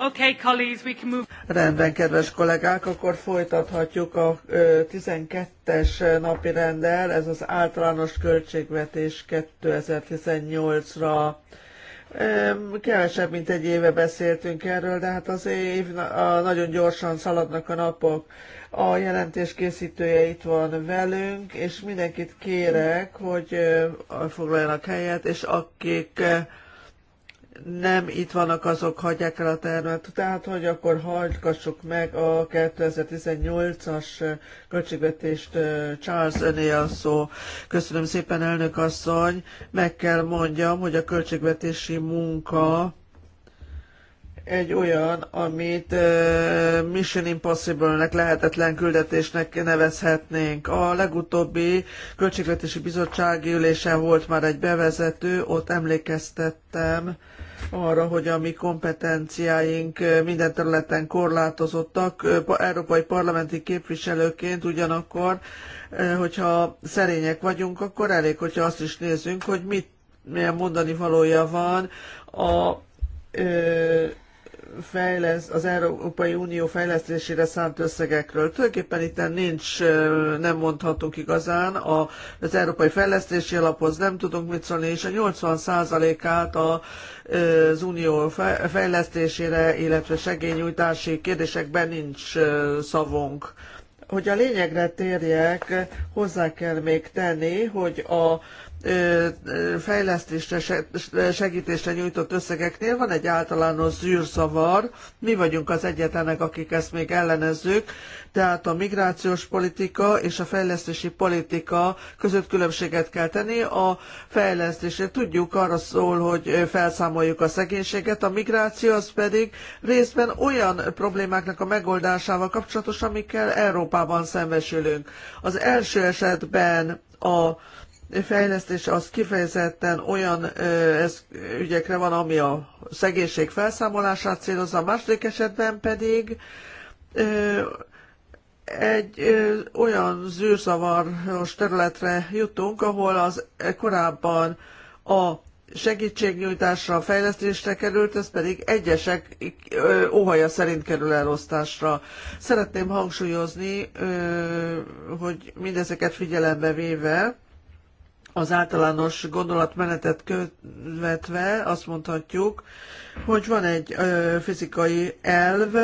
Okay, colleagues, we can move. Rendben, kedves kollégák, akkor folytathatjuk a 12-es napi rendel, ez az általános költségvetés 2018-ra. Kevesebb, mint egy éve beszéltünk erről, de hát az év nagyon gyorsan szaladnak a napok. A jelentés készítője itt van velünk, és mindenkit kérek, hogy foglaljanak helyet, és akik nem itt vannak azok, hagyják el a termet. Tehát, hogy akkor hallgassuk meg a 2018-as költségvetést. Charles öné a szó. Köszönöm szépen, elnök asszony. Meg kell mondjam, hogy a költségvetési munka egy olyan, amit Mission Impossible-nek lehetetlen küldetésnek nevezhetnénk. A legutóbbi Költségvetési Bizottsági ülésen volt már egy bevezető, ott emlékeztettem arra, hogy a mi kompetenciáink minden területen korlátozottak. Európai parlamenti képviselőként ugyanakkor, hogyha szerények vagyunk, akkor elég, hogyha azt is nézzünk, hogy mit milyen mondani valója van a fejlesz, az Európai Unió fejlesztésére szánt összegekről. Tulajdonképpen itt nincs, nem mondhatunk igazán, a, az Európai Fejlesztési Alaphoz nem tudunk mit szólni, és a 80%-át az Unió fejlesztésére, illetve segélynyújtási kérdésekben nincs szavunk. Hogy a lényegre térjek, hozzá kell még tenni, hogy a fejlesztésre, segítésre nyújtott összegeknél van egy általános zűrzavar. Mi vagyunk az egyetlenek, akik ezt még ellenezzük, tehát a migrációs politika és a fejlesztési politika között különbséget kell tenni. A fejlesztésre tudjuk arra szól, hogy felszámoljuk a szegénységet, a migráció az pedig részben olyan problémáknak a megoldásával kapcsolatos, amikkel Európában szembesülünk. Az első esetben a fejlesztés az kifejezetten olyan ez, ügyekre van, ami a szegénység felszámolását célozza, a második esetben pedig ö, egy ö, olyan zűrzavaros területre jutunk, ahol az korábban a segítségnyújtásra, fejlesztésre került, ez pedig egyesek óhaja szerint kerül elosztásra. Szeretném hangsúlyozni, hogy mindezeket figyelembe véve, az általános gondolatmenetet követve azt mondhatjuk, hogy van egy fizikai elv,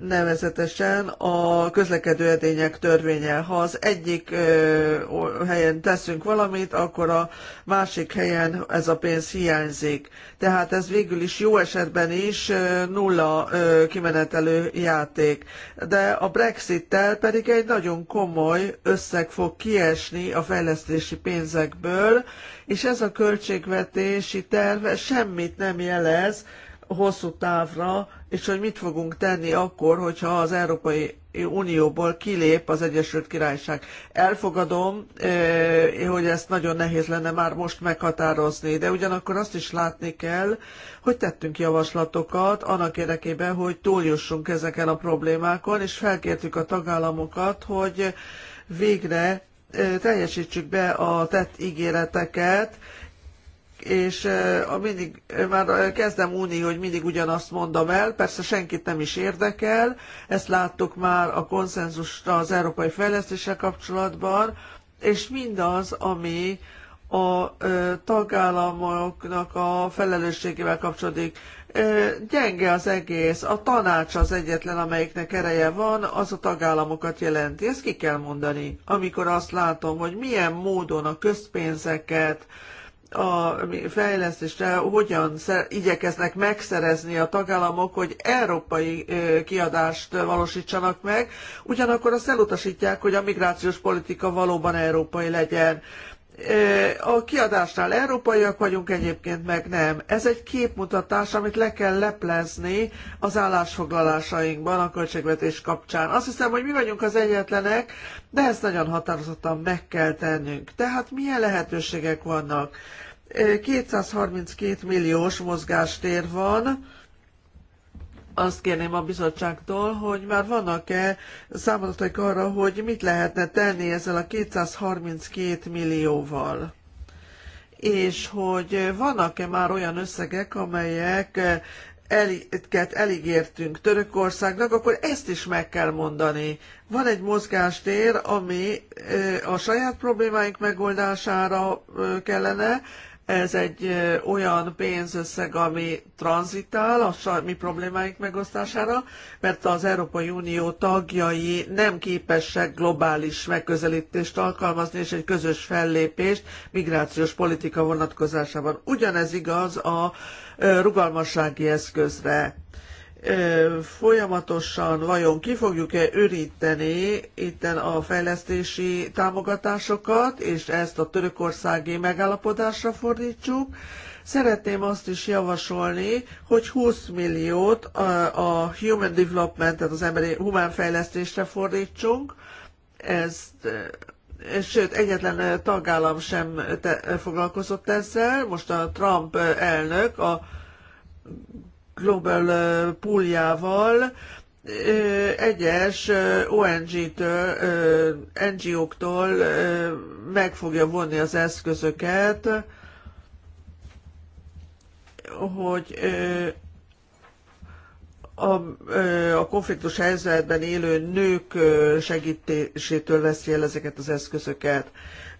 nevezetesen a közlekedő edények törvénye. Ha az egyik ö, helyen teszünk valamit, akkor a másik helyen ez a pénz hiányzik. Tehát ez végül is jó esetben is ö, nulla ö, kimenetelő játék. De a Brexit-tel pedig egy nagyon komoly összeg fog kiesni a fejlesztési pénzekből, és ez a költségvetési terve semmit nem jelez hosszú távra és hogy mit fogunk tenni akkor, hogyha az Európai Unióból kilép az Egyesült Királyság. Elfogadom, eh, hogy ezt nagyon nehéz lenne már most meghatározni, de ugyanakkor azt is látni kell, hogy tettünk javaslatokat annak érdekében, hogy túljussunk ezeken a problémákon, és felkértük a tagállamokat, hogy végre eh, teljesítsük be a tett ígéreteket, és mindig, már kezdem úni, hogy mindig ugyanazt mondom el, persze senkit nem is érdekel, ezt láttuk már a konszenzusra az európai fejlesztéssel kapcsolatban, és mindaz, ami a tagállamoknak a felelősségével kapcsolódik. Gyenge az egész, a tanács az egyetlen, amelyiknek ereje van, az a tagállamokat jelenti. Ezt ki kell mondani, amikor azt látom, hogy milyen módon a közpénzeket, a fejlesztésre hogyan igyekeznek megszerezni a tagállamok, hogy európai kiadást valósítsanak meg, ugyanakkor azt elutasítják, hogy a migrációs politika valóban európai legyen. A kiadásnál európaiak vagyunk, egyébként meg nem. Ez egy képmutatás, amit le kell leplezni az állásfoglalásainkban a költségvetés kapcsán. Azt hiszem, hogy mi vagyunk az egyetlenek, de ezt nagyon határozottan meg kell tennünk. Tehát milyen lehetőségek vannak? 232 milliós mozgástér van, azt kérném a bizottságtól, hogy már vannak-e számadatok arra, hogy mit lehetne tenni ezzel a 232 millióval? És hogy vannak-e már olyan összegek, amelyek eliket eligértünk Törökországnak, akkor ezt is meg kell mondani. Van egy mozgástér, ami a saját problémáink megoldására kellene, ez egy olyan pénzösszeg, ami tranzitál a mi problémáink megosztására, mert az Európai Unió tagjai nem képesek globális megközelítést alkalmazni, és egy közös fellépést migrációs politika vonatkozásában. Ugyanez igaz a rugalmassági eszközre folyamatosan vajon ki fogjuk-e üríteni itten a fejlesztési támogatásokat, és ezt a törökországi megállapodásra fordítsuk. Szeretném azt is javasolni, hogy 20 milliót a, Human Development, tehát az emberi humán fejlesztésre fordítsunk. Ezt sőt, egyetlen tagállam sem te, foglalkozott ezzel. Most a Trump elnök a Global pooljával egyes ONG-től, NGO-któl meg fogja vonni az eszközöket, hogy a, a konfliktus helyzetben élő nők segítésétől veszi el ezeket az eszközöket.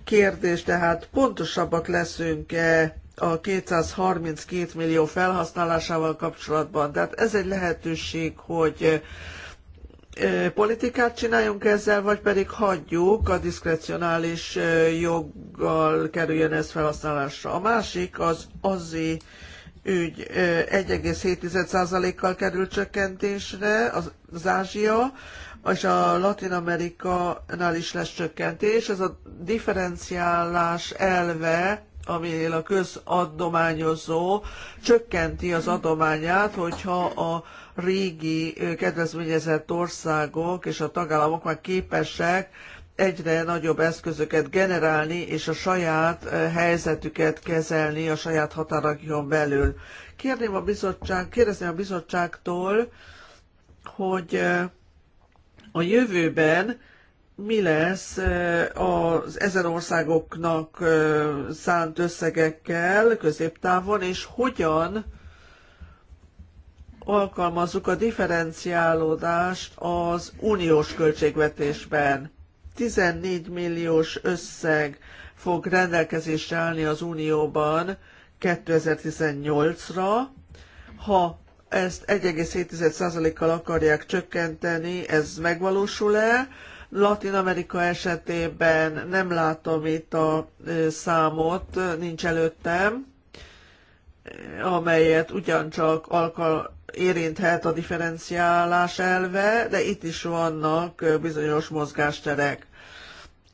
Kérdés tehát, pontosabbak leszünk-e a 232 millió felhasználásával kapcsolatban. Tehát ez egy lehetőség, hogy politikát csináljunk ezzel, vagy pedig hagyjuk a diszkrecionális joggal kerüljön ez felhasználásra. A másik az azi ügy 1,7%-kal került csökkentésre, az, Ázsia, és a Latin Amerikánál is lesz csökkentés. Ez a differenciálás elve aminél a közadományozó csökkenti az adományát, hogyha a régi kedvezményezett országok és a tagállamok már képesek egyre nagyobb eszközöket generálni és a saját helyzetüket kezelni a saját határokon belül. Kérném a bizottság, kérdezném a bizottságtól, hogy a jövőben mi lesz az ezen országoknak szánt összegekkel középtávon, és hogyan alkalmazzuk a differenciálódást az uniós költségvetésben. 14 milliós összeg fog rendelkezésre állni az Unióban 2018-ra. Ha ezt 1,7%-kal akarják csökkenteni, ez megvalósul-e? Latin Amerika esetében nem látom itt a számot, nincs előttem, amelyet ugyancsak alkal érinthet a differenciálás elve, de itt is vannak bizonyos mozgásterek.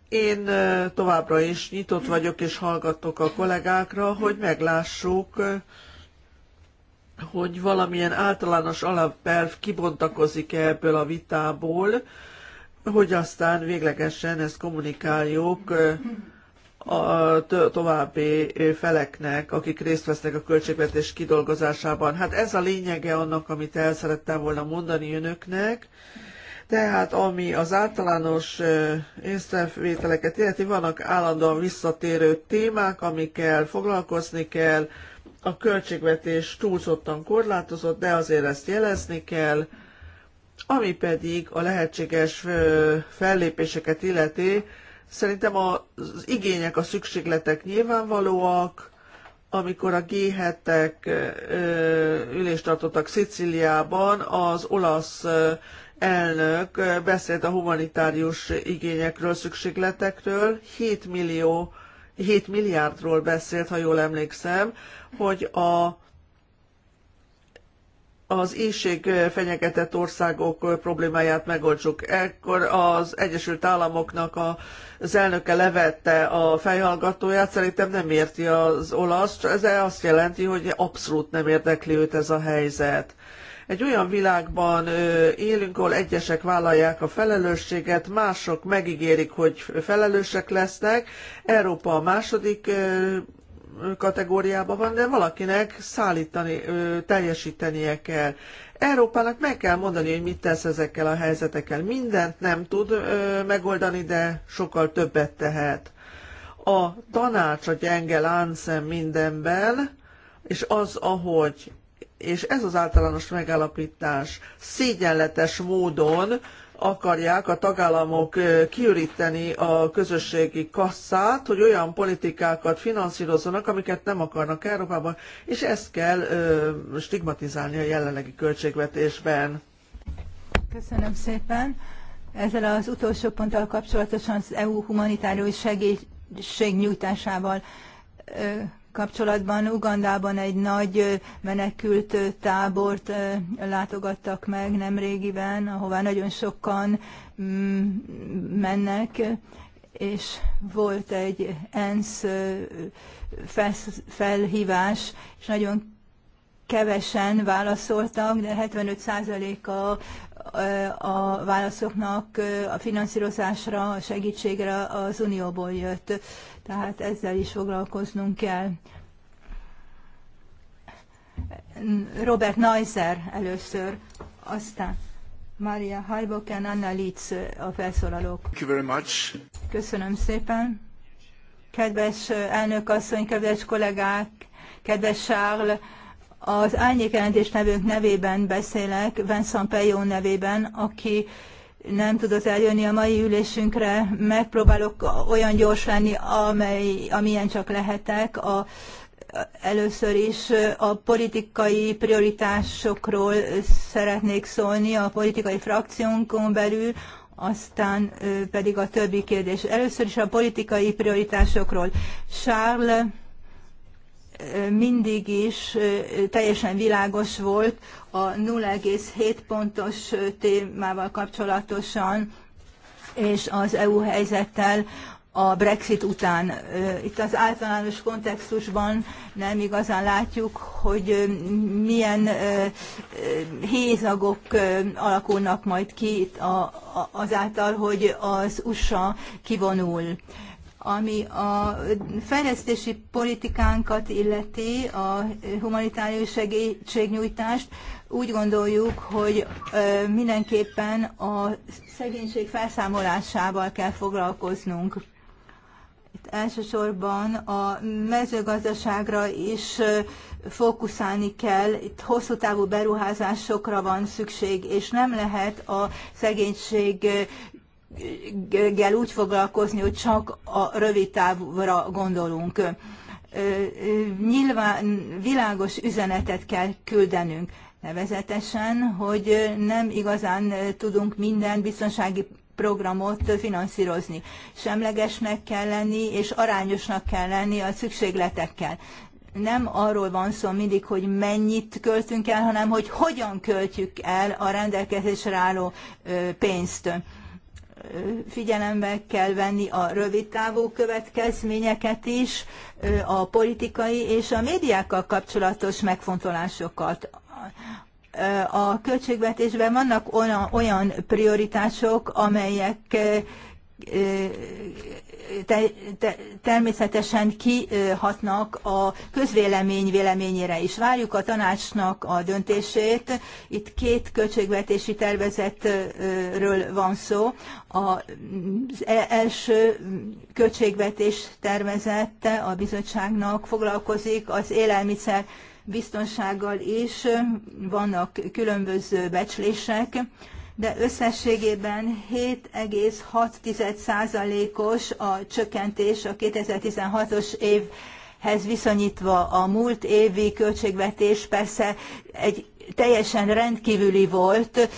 Én továbbra is nyitott vagyok és hallgatok a kollégákra, hogy meglássuk, hogy valamilyen általános alapelv kibontakozik -e ebből a vitából, hogy aztán véglegesen ezt kommunikáljuk a további feleknek, akik részt vesznek a költségvetés kidolgozásában. Hát ez a lényege annak, amit el szerettem volna mondani önöknek. Tehát ami az általános észrevételeket illeti, vannak állandóan visszatérő témák, amikkel foglalkozni kell, a költségvetés túlzottan korlátozott, de azért ezt jelezni kell, ami pedig a lehetséges fellépéseket illeti, szerintem az igények, a szükségletek nyilvánvalóak, amikor a G7-ek ülést tartottak Sziciliában, az olasz elnök beszélt a humanitárius igényekről, szükségletekről, 7 millió, 7 milliárdról beszélt, ha jól emlékszem, hogy a az éjség fenyegetett országok problémáját megoldjuk. Ekkor az Egyesült Államoknak a, az elnöke levette a fejhallgatóját, szerintem nem érti az olasz, ez azt jelenti, hogy abszolút nem érdekli őt ez a helyzet. Egy olyan világban élünk, ahol egyesek vállalják a felelősséget, mások megígérik, hogy felelősek lesznek. Európa a második kategóriában van, de valakinek szállítani, teljesítenie kell. Európának meg kell mondani, hogy mit tesz ezekkel a helyzetekkel. Mindent nem tud megoldani, de sokkal többet tehet. A tanács a gyenge láncem mindenben, és az, ahogy és ez az általános megállapítás szégyenletes módon akarják a tagállamok kiüríteni a közösségi kasszát, hogy olyan politikákat finanszírozzanak, amiket nem akarnak Európában, és ezt kell stigmatizálni a jelenlegi költségvetésben. Köszönöm szépen. Ezzel az utolsó ponttal kapcsolatosan az EU humanitárius segítségnyújtásával kapcsolatban Ugandában egy nagy menekült tábort látogattak meg nemrégiben, ahová nagyon sokan mm, mennek, és volt egy ENSZ felhívás, és nagyon kevesen válaszoltak, de 75%-a a válaszoknak a finanszírozásra, a segítségre az Unióból jött. Tehát ezzel is foglalkoznunk kell. Robert Neuser először, aztán Maria Hajboken, Anna Litz a felszólalók. Thank you very much. Köszönöm szépen. Kedves elnök asszony, kedves kollégák, kedves Charles, az jelentés nevünk nevében beszélek, Vincent Pejon nevében, aki nem tudott eljönni a mai ülésünkre, megpróbálok olyan gyors lenni, amely, amilyen csak lehetek. A, először is a politikai prioritásokról szeretnék szólni a politikai frakciónkon belül, aztán pedig a többi kérdés. Először is a politikai prioritásokról. Charles mindig is teljesen világos volt a 0,7 pontos témával kapcsolatosan, és az EU helyzettel a Brexit után. Itt az általános kontextusban nem igazán látjuk, hogy milyen hézagok alakulnak majd ki azáltal, hogy az USA kivonul. Ami a fejlesztési politikánkat illeti, a humanitárius segítségnyújtást, úgy gondoljuk, hogy mindenképpen a szegénység felszámolásával kell foglalkoznunk. Itt elsősorban a mezőgazdaságra is fókuszálni kell, itt hosszú távú beruházásokra van szükség, és nem lehet a szegénység gel úgy foglalkozni, hogy csak a rövid távra gondolunk. Nyilván világos üzenetet kell küldenünk, nevezetesen, hogy nem igazán tudunk minden biztonsági programot finanszírozni. Semlegesnek kell lenni, és arányosnak kell lenni a szükségletekkel. Nem arról van szó mindig, hogy mennyit költünk el, hanem hogy hogyan költjük el a rendelkezésre álló pénzt figyelembe kell venni a rövidtávú következményeket is, a politikai és a médiákkal kapcsolatos megfontolásokat. A költségvetésben vannak olyan prioritások, amelyek te, te, természetesen kihatnak a közvélemény véleményére is. Várjuk a tanácsnak a döntését. Itt két költségvetési tervezetről van szó. Az e, első költségvetés tervezette a bizottságnak foglalkozik az élelmiszer biztonsággal is. Vannak különböző becslések de összességében 7,6%-os a csökkentés a 2016-os évhez viszonyítva a múlt évi költségvetés persze egy teljesen rendkívüli volt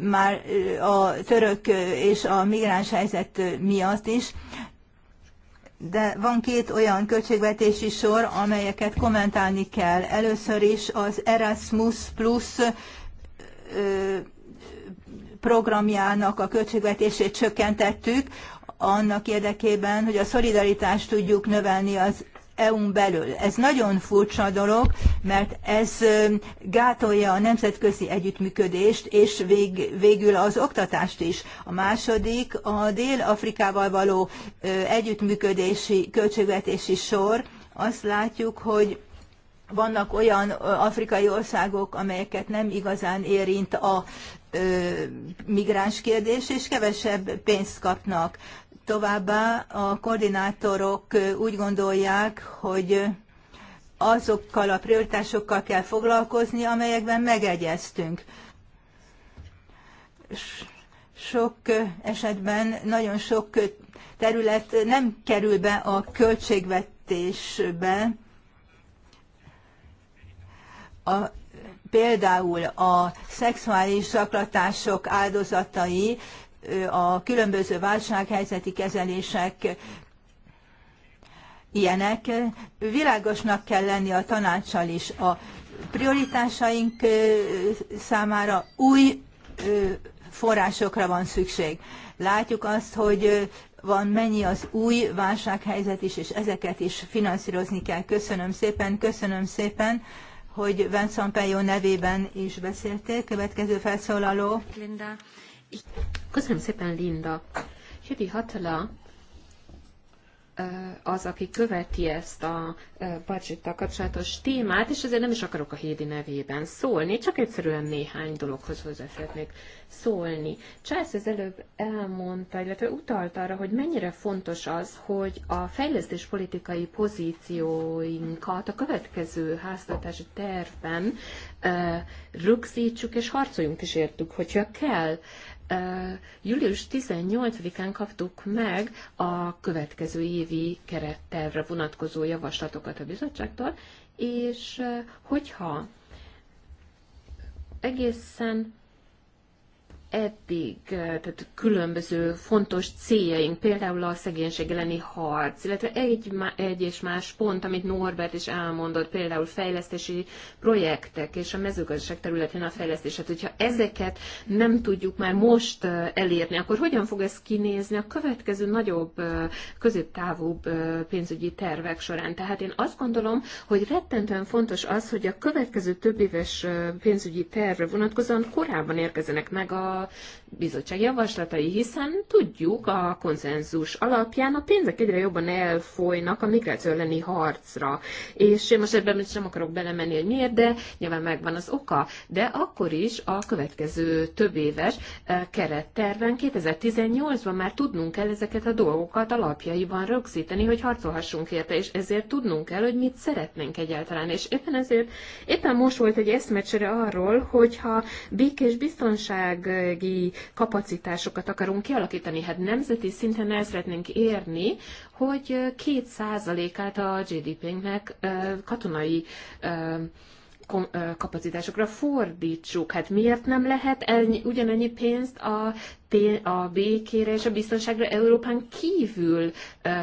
már a török és a migráns helyzet miatt is, de van két olyan költségvetési sor, amelyeket kommentálni kell. Először is az Erasmus Plus programjának a költségvetését csökkentettük, annak érdekében, hogy a szolidaritást tudjuk növelni az EU-n belül. Ez nagyon furcsa dolog, mert ez gátolja a nemzetközi együttműködést, és vég, végül az oktatást is. A második a Dél-Afrikával való együttműködési költségvetési sor. Azt látjuk, hogy vannak olyan afrikai országok, amelyeket nem igazán érint a migráns kérdés, és kevesebb pénzt kapnak. Továbbá a koordinátorok úgy gondolják, hogy azokkal a prioritásokkal kell foglalkozni, amelyekben megegyeztünk. Sok esetben nagyon sok terület nem kerül be a költségvetésbe. A például a szexuális zaklatások áldozatai, a különböző válsághelyzeti kezelések ilyenek. Világosnak kell lenni a tanácssal is. A prioritásaink számára új forrásokra van szükség. Látjuk azt, hogy van mennyi az új válsághelyzet is, és ezeket is finanszírozni kell. Köszönöm szépen, köszönöm szépen hogy Vincent Pajó nevében is beszéltél. Következő felszólaló. Linda. Köszönöm szépen, Linda. Judy Hatala az, aki követi ezt a budgettal kapcsolatos témát, és ezért nem is akarok a Hédi nevében szólni, csak egyszerűen néhány dologhoz hozzá szeretnék szólni. Csász az előbb elmondta, illetve utalt arra, hogy mennyire fontos az, hogy a fejlesztéspolitikai pozícióinkat a következő háztartási tervben rögzítsük és harcoljunk is értük, hogyha kell július 18-án kaptuk meg a következő évi kerettervre vonatkozó javaslatokat a bizottságtól, és hogyha egészen eddig, eh, tehát különböző fontos céljaink, például a szegénység elleni harc, illetve egy, egy és más pont, amit Norbert is elmondott, például fejlesztési projektek és a mezőgazdaság területén a fejlesztés. Hát, hogyha ezeket nem tudjuk már most eh, elérni, akkor hogyan fog ez kinézni a következő nagyobb, eh, középtávúbb pénzügyi tervek során? Tehát én azt gondolom, hogy rettentően fontos az, hogy a következő több éves pénzügyi tervre vonatkozóan korábban érkezenek meg a a bizottság javaslatai, hiszen tudjuk a konszenzus alapján a pénzek egyre jobban elfolynak a migráció elleni harcra. És én most ebben sem akarok belemenni, hogy miért, de nyilván megvan az oka. De akkor is a következő több éves eh, keretterven 2018-ban már tudnunk kell ezeket a dolgokat alapjaiban rögzíteni, hogy harcolhassunk érte, és ezért tudnunk kell, hogy mit szeretnénk egyáltalán. És éppen ezért éppen most volt egy eszmecsere arról, hogyha békés biztonsági kapacitásokat akarunk kialakítani. Hát nemzeti szinten el szeretnénk érni, hogy két át a GDP-nknek katonai kapacitásokra fordítsuk. Hát miért nem lehet ennyi, ugyanennyi pénzt a a békére és a biztonságra Európán kívül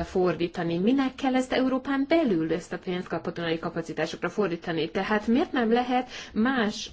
fordítani? Minek kell ezt Európán belül, ezt a pénzt katonai kapacitásokra fordítani? Tehát miért nem lehet más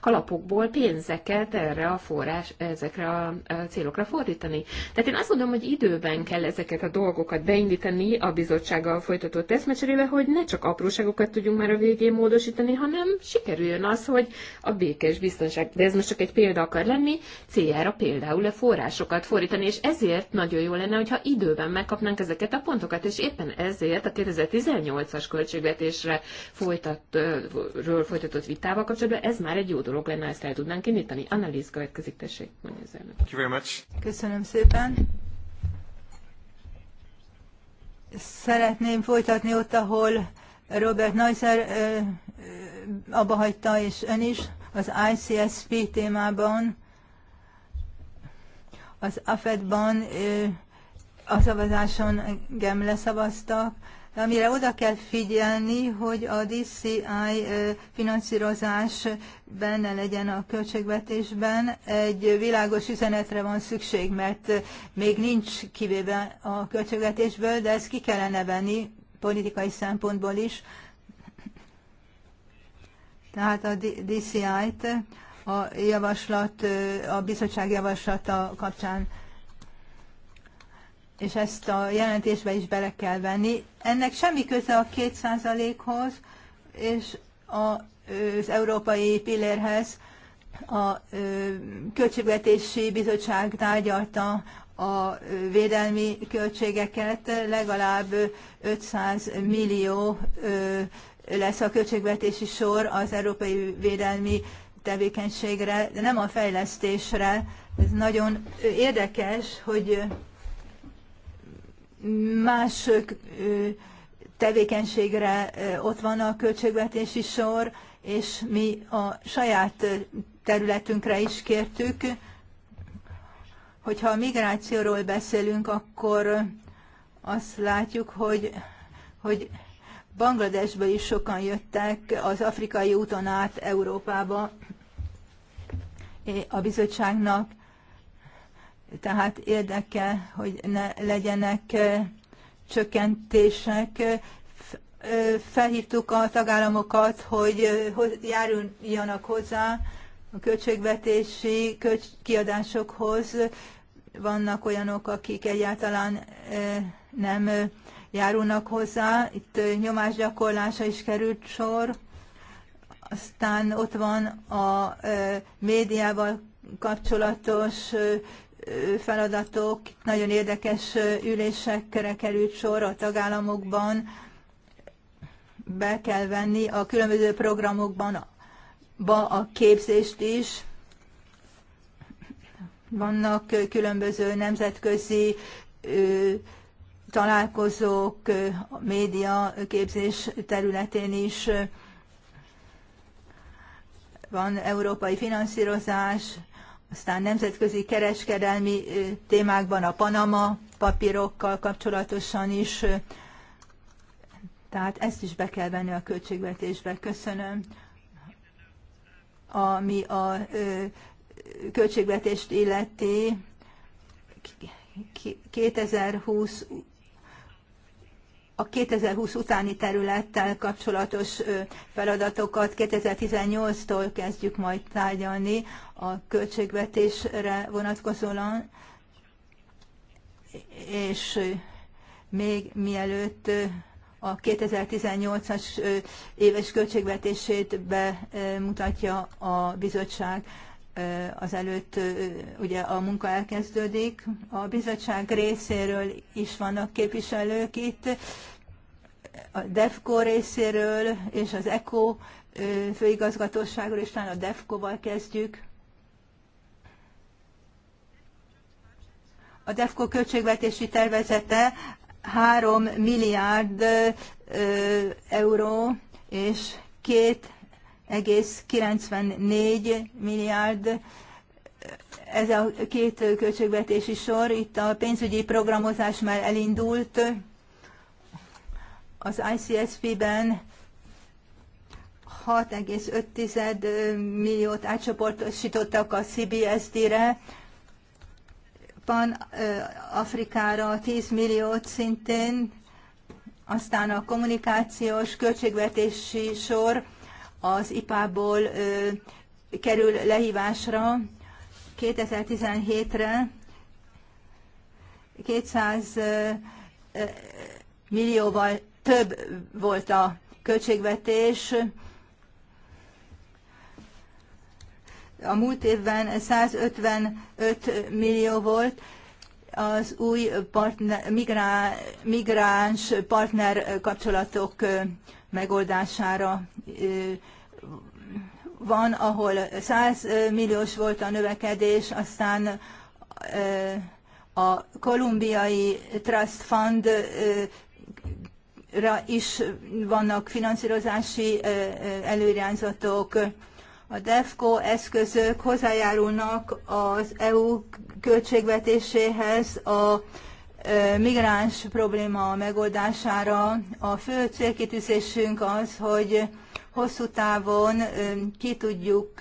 kalapokból pénzeket erre a forrás, ezekre a célokra fordítani? Tehát én azt gondolom, hogy időben kell ezeket a dolgokat beindítani a bizottsággal folytatott eszmecserébe, hogy ne csak apróságokat tudjunk már a végén módosítani, hanem sikerüljön az, hogy a békés biztonság, de ez most csak egy példa akar lenni, céljára például például forrásokat fordítani, és ezért nagyon jó lenne, hogyha időben megkapnánk ezeket a pontokat, és éppen ezért a 2018-as költségvetésre folytat, ről folytatott vitával kapcsolatban ez már egy jó dolog lenne, ezt el tudnánk indítani. Annalíz következik, tessék, mondja az elnök. Köszönöm szépen. Szeretném folytatni ott, ahol Robert Neusser abba hagyta, és ön is, az ICSP témában az AFED-ban a szavazáson engem leszavaztak, amire oda kell figyelni, hogy a DCI finanszírozás benne legyen a költségvetésben. Egy világos üzenetre van szükség, mert még nincs kivéve a költségvetésből, de ezt ki kellene venni politikai szempontból is. Tehát a DCI-t a javaslat, a bizottság javaslata kapcsán, és ezt a jelentésbe is bele kell venni. Ennek semmi köze a 2%-hoz és a, az európai pillérhez. A Költségvetési Bizottság tárgyalta a védelmi költségeket, legalább 500 millió lesz a költségvetési sor az európai védelmi tevékenységre, de nem a fejlesztésre. Ez nagyon érdekes, hogy más tevékenységre ott van a költségvetési sor, és mi a saját területünkre is kértük. Hogyha a migrációról beszélünk, akkor azt látjuk, hogy, hogy Bangladesből is sokan jöttek az afrikai úton át Európába a bizottságnak, tehát érdeke, hogy ne legyenek csökkentések. Felhívtuk a tagállamokat, hogy járuljanak hozzá a költségvetési kiadásokhoz. Vannak olyanok, akik egyáltalán nem járulnak hozzá. Itt nyomásgyakorlása is került sor aztán ott van a médiával kapcsolatos feladatok, nagyon érdekes ülésekre került sor a tagállamokban, be kell venni a különböző programokban a, ba a képzést is. Vannak különböző nemzetközi találkozók, média képzés területén is van európai finanszírozás, aztán nemzetközi kereskedelmi témákban a Panama papírokkal kapcsolatosan is. Tehát ezt is be kell venni a költségvetésbe. Köszönöm. Ami a költségvetést illeti, 2020 a 2020 utáni területtel kapcsolatos feladatokat 2018-tól kezdjük majd tárgyalni a költségvetésre vonatkozóan, és még mielőtt a 2018-as éves költségvetését bemutatja a bizottság, az előtt ugye a munka elkezdődik. A bizottság részéről is vannak képviselők itt, a DEFCO részéről és az ECO főigazgatóságról, és talán a DEFCO-val kezdjük. A DEFCO költségvetési tervezete 3 milliárd euró, és két egész 94 milliárd ez a két költségvetési sor. Itt a pénzügyi programozás már elindult. Az ICSP-ben 6,5 milliót átcsoportosítottak a CBSD-re, Pan-Afrikára 10 milliót szintén, aztán a kommunikációs költségvetési sor az IPA-ból kerül lehívásra 2017-re 200 millióval több volt a költségvetés. A múlt évben 155 millió volt az új partner, migrá, migráns partner kapcsolatok megoldására van, ahol 100 milliós volt a növekedés, aztán a kolumbiai Trust Fund ra is vannak finanszírozási előirányzatok. A DEFCO eszközök hozzájárulnak az EU költségvetéséhez a migráns probléma megoldására. A fő célkitűzésünk az, hogy hosszú távon ki tudjuk,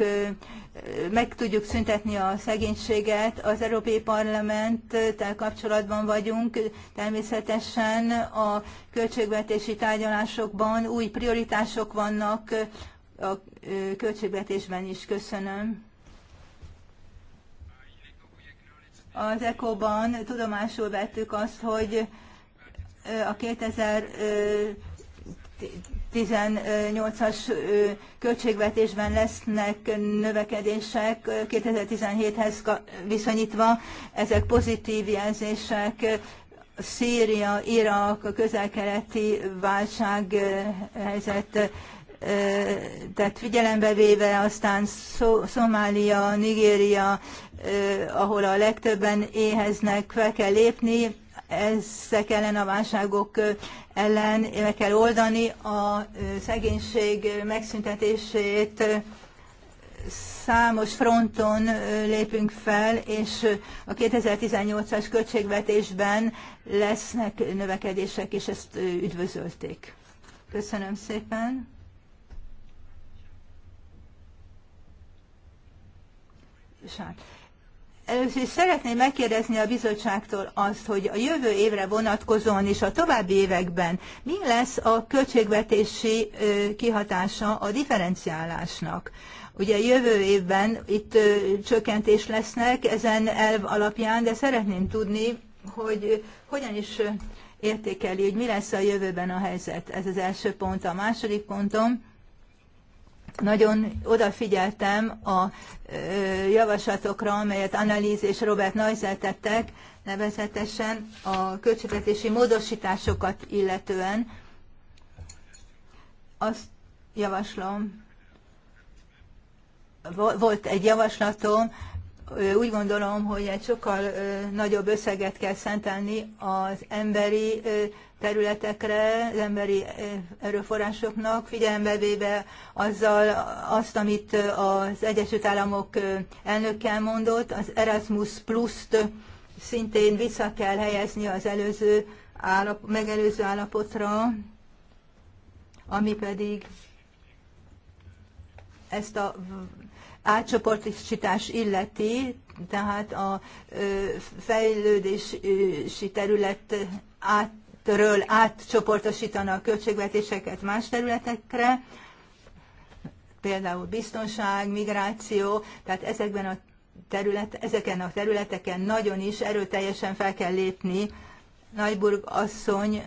meg tudjuk szüntetni a szegénységet. Az Európai Parlamenttel kapcsolatban vagyunk, természetesen a költségvetési tárgyalásokban új prioritások vannak a költségvetésben is. Köszönöm. Az ECO-ban tudomásul vettük azt, hogy a 2000 18-as költségvetésben lesznek növekedések 2017-hez viszonyítva. Ezek pozitív jelzések. Szíria, Irak, a közel-keleti válsághelyzet tehát figyelembe véve aztán Szomália, Nigéria, ahol a legtöbben éheznek, fel kell lépni, ezek ellen a válságok ellen meg kell oldani a szegénység megszüntetését, számos fronton lépünk fel, és a 2018-as költségvetésben lesznek növekedések, és ezt üdvözölték. Köszönöm szépen! kapcsán. Először is szeretném megkérdezni a bizottságtól azt, hogy a jövő évre vonatkozóan és a további években mi lesz a költségvetési kihatása a differenciálásnak. Ugye jövő évben itt csökkentés lesznek ezen elv alapján, de szeretném tudni, hogy hogyan is értékeli, hogy mi lesz a jövőben a helyzet. Ez az első pont. A második pontom nagyon odafigyeltem a javaslatokra, amelyet Annalíz és Robert Neuser tettek, nevezetesen a költségvetési módosításokat illetően. Azt javaslom, volt egy javaslatom, úgy gondolom, hogy egy sokkal nagyobb összeget kell szentelni az emberi területekre, az emberi eh, erőforrásoknak, figyelembe véve azzal azt, amit eh, az Egyesült Államok eh, elnökkel mondott, az Erasmus Plus-t szintén vissza kell helyezni az előző állap, megelőző állapotra, ami pedig ezt a átcsoportosítás illeti, tehát a fejlődési terület át területről átcsoportosítana a költségvetéseket más területekre, például biztonság, migráció, tehát ezekben a terület, ezeken a területeken nagyon is erőteljesen fel kell lépni. Nagyburg asszony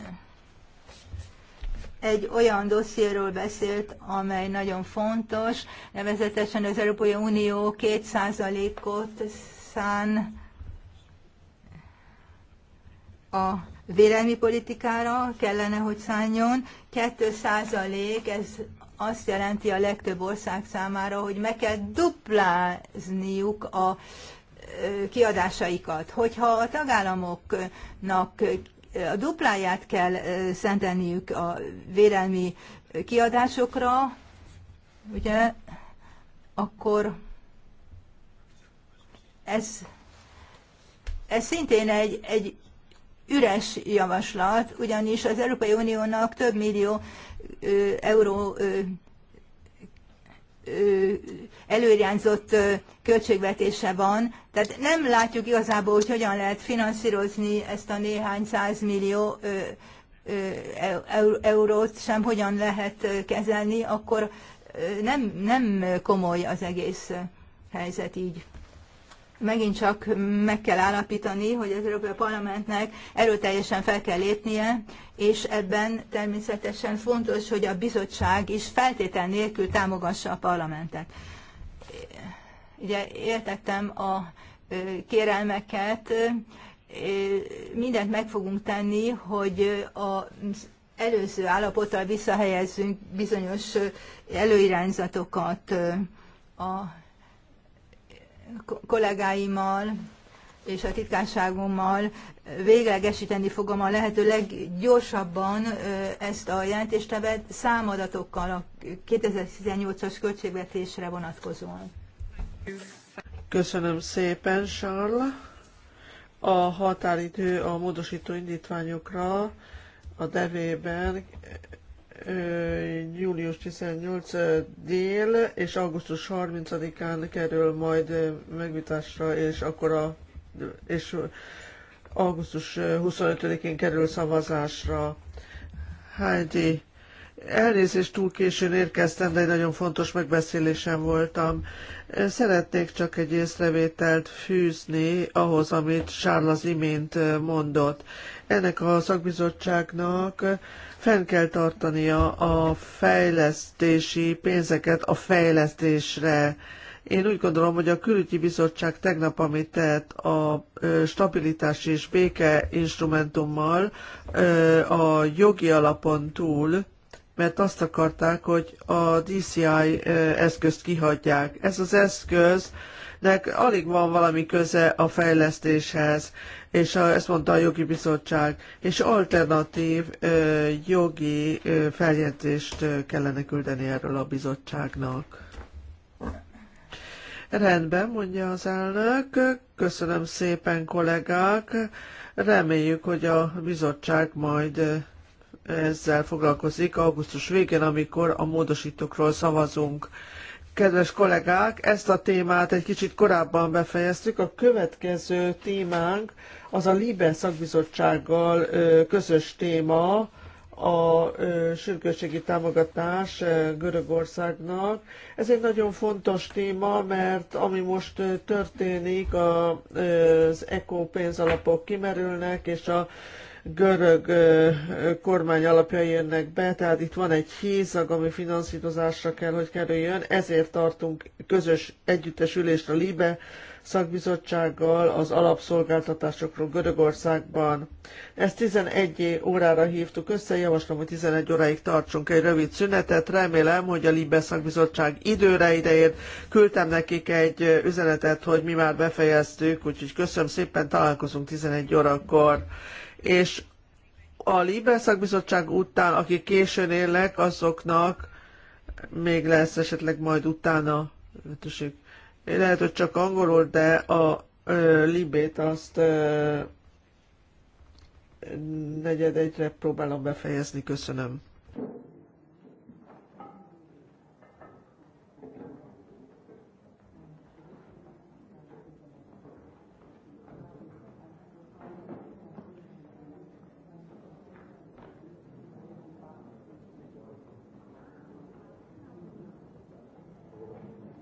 egy olyan dossziéről beszélt, amely nagyon fontos, nevezetesen az Európai Unió 2%-ot szán a védelmi politikára kellene, hogy szálljon. 2 százalék, ez azt jelenti a legtöbb ország számára, hogy meg kell duplázniuk a kiadásaikat. Hogyha a tagállamoknak a dupláját kell szenteniük a védelmi kiadásokra, ugye, akkor ez, ez szintén egy, egy üres javaslat, ugyanis az Európai Uniónak több millió euró előirányzott költségvetése van, tehát nem látjuk igazából, hogy hogyan lehet finanszírozni ezt a néhány százmillió eurót, sem hogyan lehet kezelni, akkor nem, nem komoly az egész helyzet így megint csak meg kell állapítani, hogy az Európai Parlamentnek erőteljesen fel kell lépnie, és ebben természetesen fontos, hogy a bizottság is feltétel nélkül támogassa a parlamentet. Ugye értettem a kérelmeket, mindent meg fogunk tenni, hogy az előző állapotra visszahelyezzünk bizonyos előirányzatokat a kollégáimmal és a titkárságommal véglegesíteni fogom a lehető leggyorsabban ezt a jelentéstevet számadatokkal a 2018-as költségvetésre vonatkozóan. Köszönöm szépen, Charles. A határidő a módosító indítványokra a devében július 18 dél és augusztus 30-án kerül majd megvitásra, és akkor a, és augusztus 25-én kerül szavazásra. Heidi, elnézést túl későn érkeztem, de egy nagyon fontos megbeszélésem voltam. Szeretnék csak egy észrevételt fűzni ahhoz, amit Charles imént mondott ennek a szakbizottságnak fenn kell tartania a fejlesztési pénzeket a fejlesztésre. Én úgy gondolom, hogy a külügyi bizottság tegnap, amit tett a stabilitás és béke instrumentummal, a jogi alapon túl, mert azt akarták, hogy a DCI eszközt kihagyják. Ez az eszköz, alig van valami köze a fejlesztéshez, és a, ezt mondta a jogi bizottság, és alternatív ö, jogi ö, feljegyzést kellene küldeni erről a bizottságnak. Rendben, mondja az elnök. Köszönöm szépen, kollégák. Reméljük, hogy a bizottság majd ezzel foglalkozik augusztus végén, amikor a módosítókról szavazunk. Kedves kollégák, ezt a témát egy kicsit korábban befejeztük. A következő témánk az a Libe szakbizottsággal közös téma, a sürgősségi támogatás Görögországnak. Ez egy nagyon fontos téma, mert ami most történik, az ECO pénzalapok kimerülnek, és a görög kormány alapjai jönnek be, tehát itt van egy hízag, ami finanszírozásra kell, hogy kerüljön, ezért tartunk közös együttesülést a LIBE szakbizottsággal az alapszolgáltatásokról Görögországban. Ezt 11 órára hívtuk össze, javaslom, hogy 11 óráig tartsunk egy rövid szünetet. Remélem, hogy a LIBE szakbizottság időre ideért küldtem nekik egy üzenetet, hogy mi már befejeztük, úgyhogy köszönöm szépen, találkozunk 11 órakor és a Libe szakbizottság után, akik későn élnek, azoknak még lesz esetleg majd utána lehetőség. Lehet, hogy csak angolul, de a ö, libét azt ö, negyed egyre próbálom befejezni. Köszönöm.